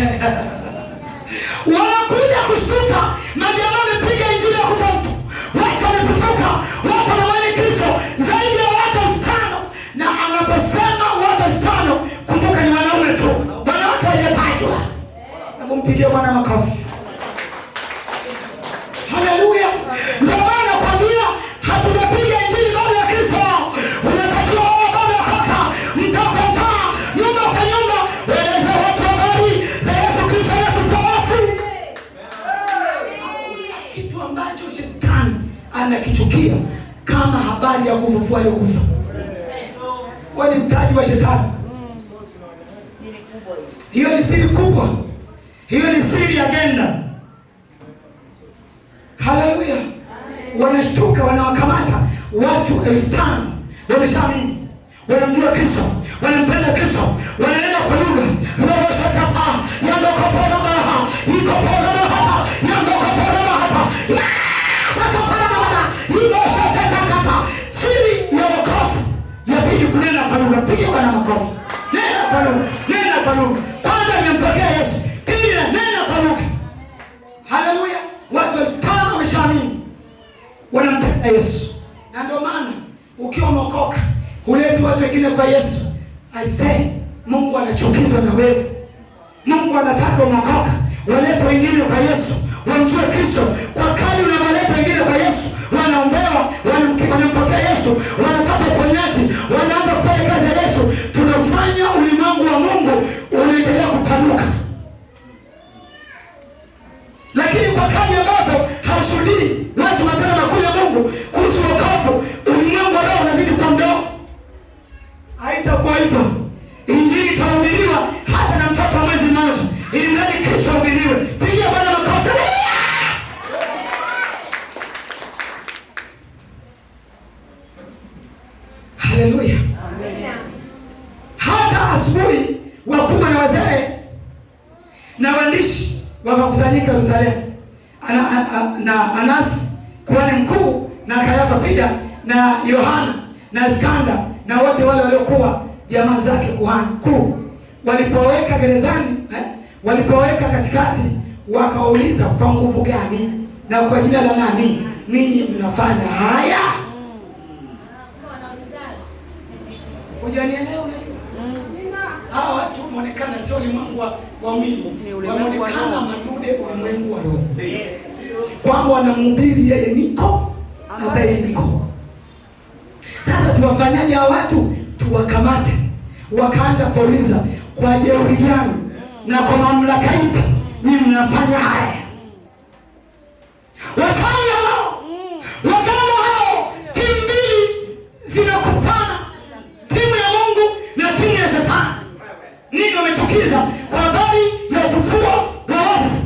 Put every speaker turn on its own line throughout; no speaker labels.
wanakuja kushtuka, majamaa wamepiga injili ya kufa mtu, watu wamefufuka, watu wanamwamini Kristo zaidi ya watu elfu tano na anaposema watu elfu tano kumbuka ni wanaume tu, wanawake hawajatajwa.
Hebu mpigie Bwana makofi.
Biblia kama habari ya kufufua aliyokufa. Wewe ni mtaji wa shetani. Hiyo ni siri kubwa, hiyo ni siri ya agenda. Haleluya! Wanashtuka, wanawakamata watu elfu tano wameshaamini, wanamjua Kristo, wanampenda Kristo, wanaenda kwa ah, lugha. ukiwa na makofi. nena kwa lugha, nena kwa lugha. Kwanza nimempokea Yesu, pia nena kwa lugha. Haleluya! watu elfu tano wameshaamini, wanampenda Yesu, na ndio maana ukiwa umeokoka huleti watu wengine kwa Yesu. I say Mungu anachukizwa na wewe, Mungu anataka umeokoka, walete wengine kwa Yesu, wamjue Kristo. Kwa kali unavyoleta wengine kwa Yesu, wanaombewa Yesu, wanapata uponyaji, wanaanza kufanya kazi ya Yesu, tunafanya ulimwengu wa Mungu unaendelea kupanuka, lakini kwa kani ambazo ana, ana, na Anasi kuhani mkuu na Kayafa pia na Yohana na Iskanda na wote wale waliokuwa jamaa zake kuhani mkuu walipoweka gerezani eh, walipoweka katikati, wakauliza kwa nguvu gani na kwa jina la nani ninyi mnafanya haya? Mm. Hujanielewa? hawa watu wameonekana sio ulimwengu wa mwili, wameonekana madude ulimwengu wa roho, kwamba wanamhubiri yeye niko ambaye niko. Sasa tuwafanyaje hawa watu? Tuwakamate. Wakaanza kuuliza kwa jeuri gani na kwa mamlaka ipi ni mnafanya haya? Wasana wakama hao kimbili zinaku nini wamechukiza kwa habari ya ufufuo wa wafu.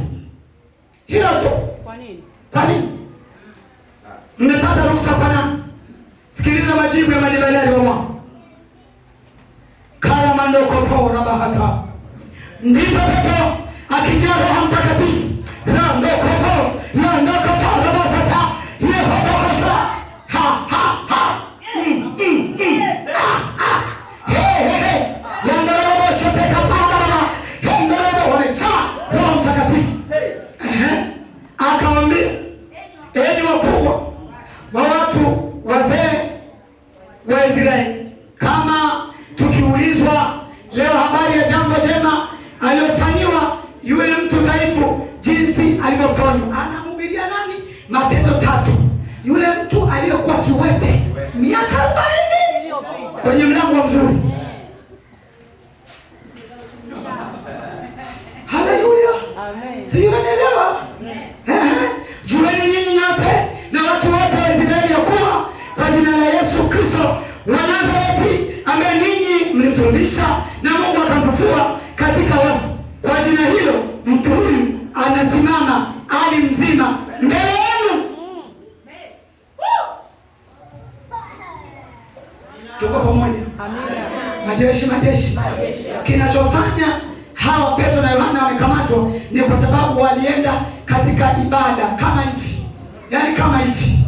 Hilo tu. Kwa nini? Kwa nini? Mmepata ruksa kwa nani? Sikiliza majibu ya madibaliari mwa. kala mandoko po rabahata ndipo Petro akijaa Roho Mtakatifu Tuko pamoja. Amina. Majeshi, majeshi. Kinachofanya hawa Petro na Yohana wamekamatwa ni kwa sababu walienda katika ibada kama hivi, yaani kama hivi,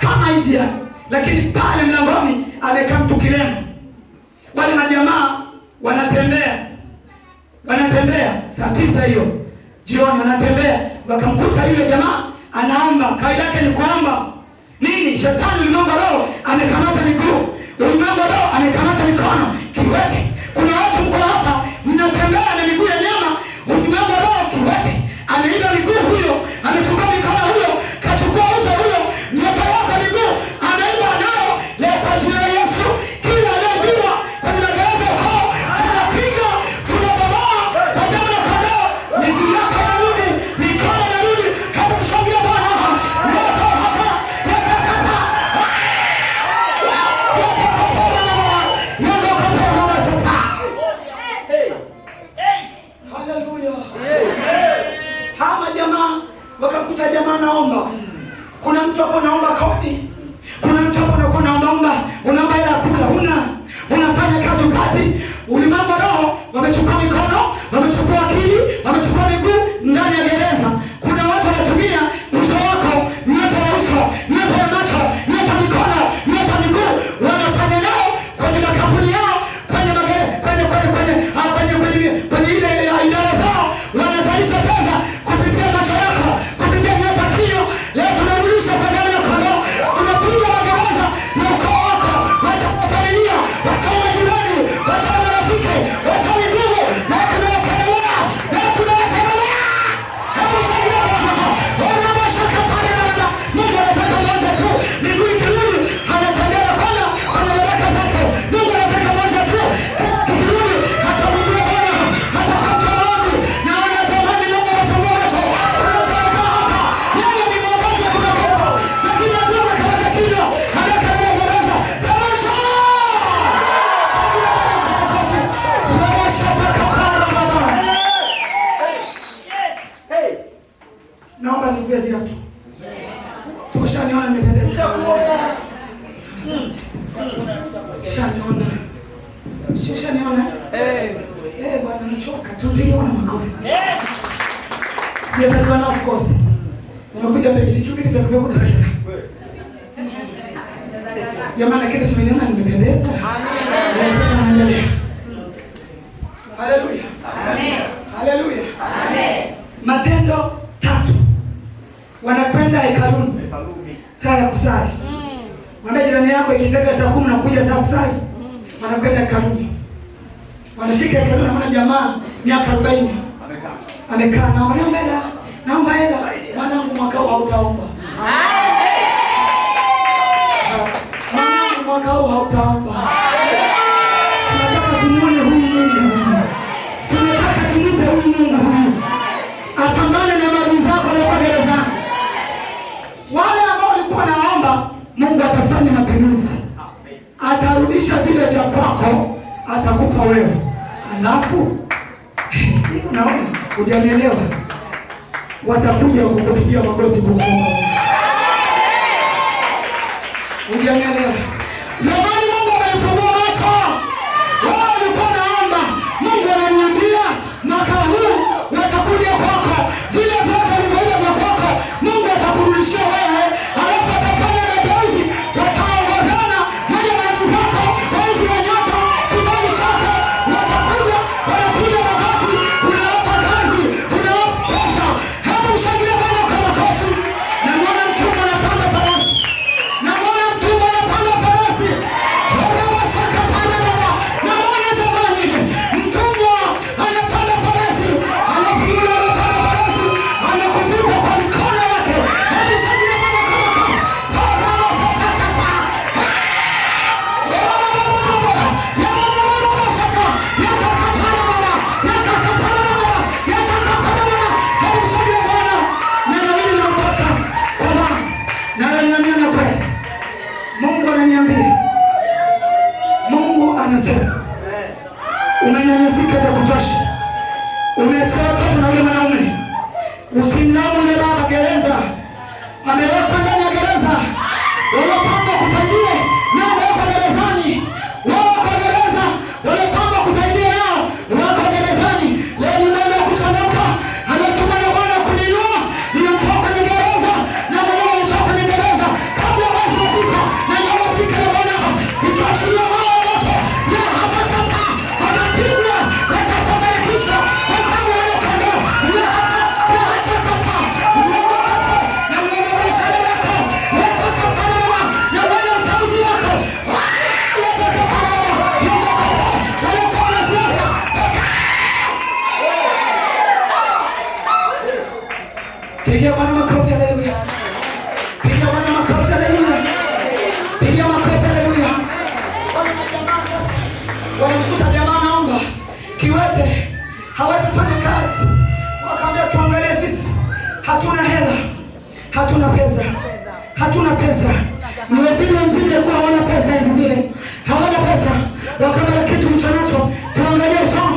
kama hivi yani, lakini pale mlangoni amekaa mtu kilema. Wale majamaa wanatembea, wanatembea saa tisa hiyo jioni, wanatembea wakamkuta yule jamaa anaomba. Kaida yake ni kuomba nini? Shetani ulimwomba Haleluya, haleluya. Matendo tatu, wanakwenda hekaluni saa ya kusali. Mm. Mwambie jirani yako, ikifika saa kumi na kuja saa kusali, mm. wanakwenda hekaluni. Wanafika hekaluni, na jamaa miaka 40. amekaa, na naomba hela, naomba hela. Mwanangu, mwaka huu hautaomba Haleluya. mwanangu, mwaka huu hautaomba Pigia Bwana makofi, haleluya. Pigia Bwana makofi, haleluya. Pigia makofi, haleluya. Wana majamaa sasa wanamkuta jamaa naomba kiwete, hawezi fanya kazi, wakaambia tuangalie sisi, hatuna hela, hatuna pesa, hatuna pesa. Niwapiga mzinga kwa hawana pesa hizi zile, hawana pesa, wakaambia kitu mchonacho tuangalie sasa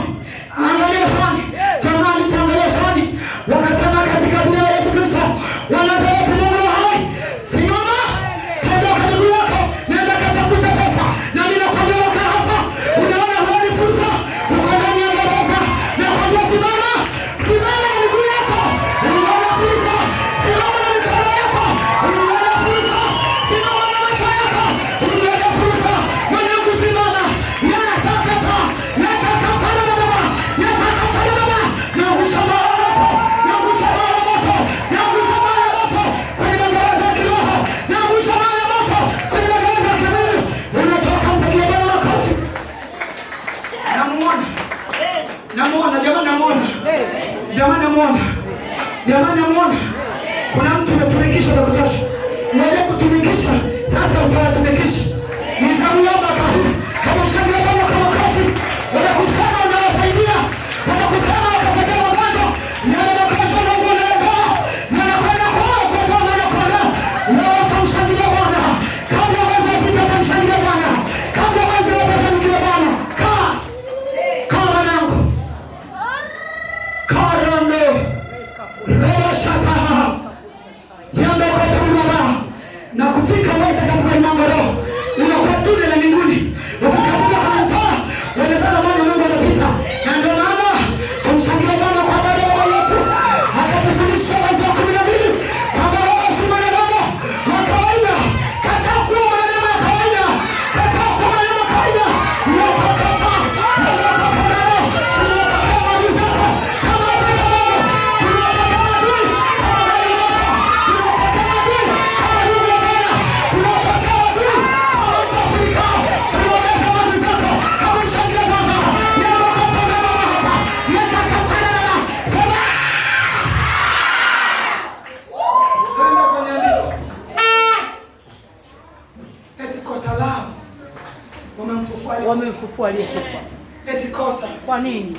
aliyekufa. Eti kosa. Kwa nini?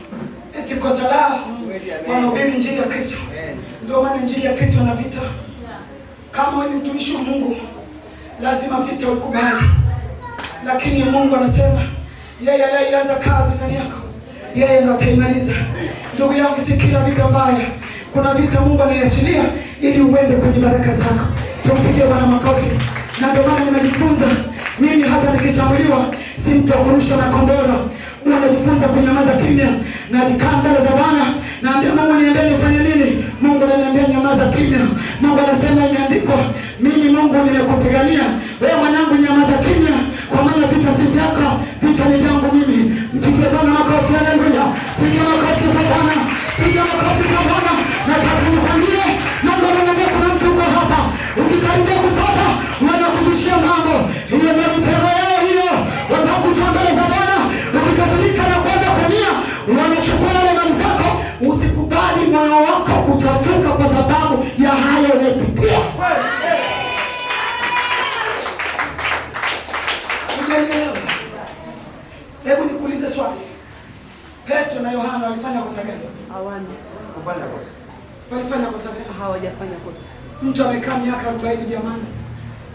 Eti kosa lao wanahubiri injili ya Kristo. Ndio maana injili ya Kristo na vita. Kama wewe ni mtumishi wa Mungu, lazima vita ukubali. Lakini Mungu anasema yeye anayeanza kazi ndani yako, yeye ndiye ataimaliza. Ndugu yangu, si kila vita mbaya. Kuna vita Mungu anaiachilia ili uende kwenye baraka zako. Tumpigie Bwana makofi. Na ndio maana nimejifunza mimi, hata nikishambuliwa si mtu wa kurushwa na kombora. Unajifunza kunyamaza kimya, na alikaa mbele za Bwana, ambia Mungu, niambie nifanye nini? Mungu ananiambia nyamaza kimya. Mungu anasema imeandikwa, mimi Mungu nimekupigania wewe mwanangu, nyamaza kimya. hawajafanya kosa gani?
Hawajafanya kosa.
Mtu amekaa miaka 40 jamani,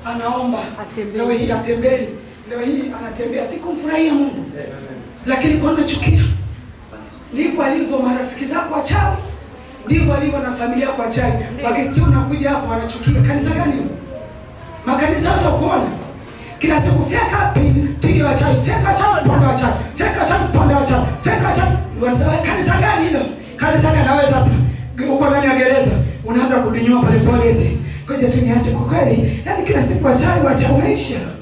anaomba atembee, leo hii atembei, leo hii anatembea, sikumfurahia Mungu Amen. lakini kwa nini chukia? Ndivyo alivyo marafiki zako wachawi, ndivyo alivyo na familia yako wachawi. Wakisikia unakuja hapo wanachukia. Kanisa gani? Makanisa kuona. kila siku fyeka pige wachawi, fyeka wachawi, ponda wachawi, fyeka wachawi, ponda wachawi, fyeka wachawi. Kanisa gani hilo? Kanisa gani? Naweza sasa? uko ndani ya gereza unaanza kudinyua pale toilet, ngoja tu niache. Kwa kweli, yaani kila siku wachai wacha unaisha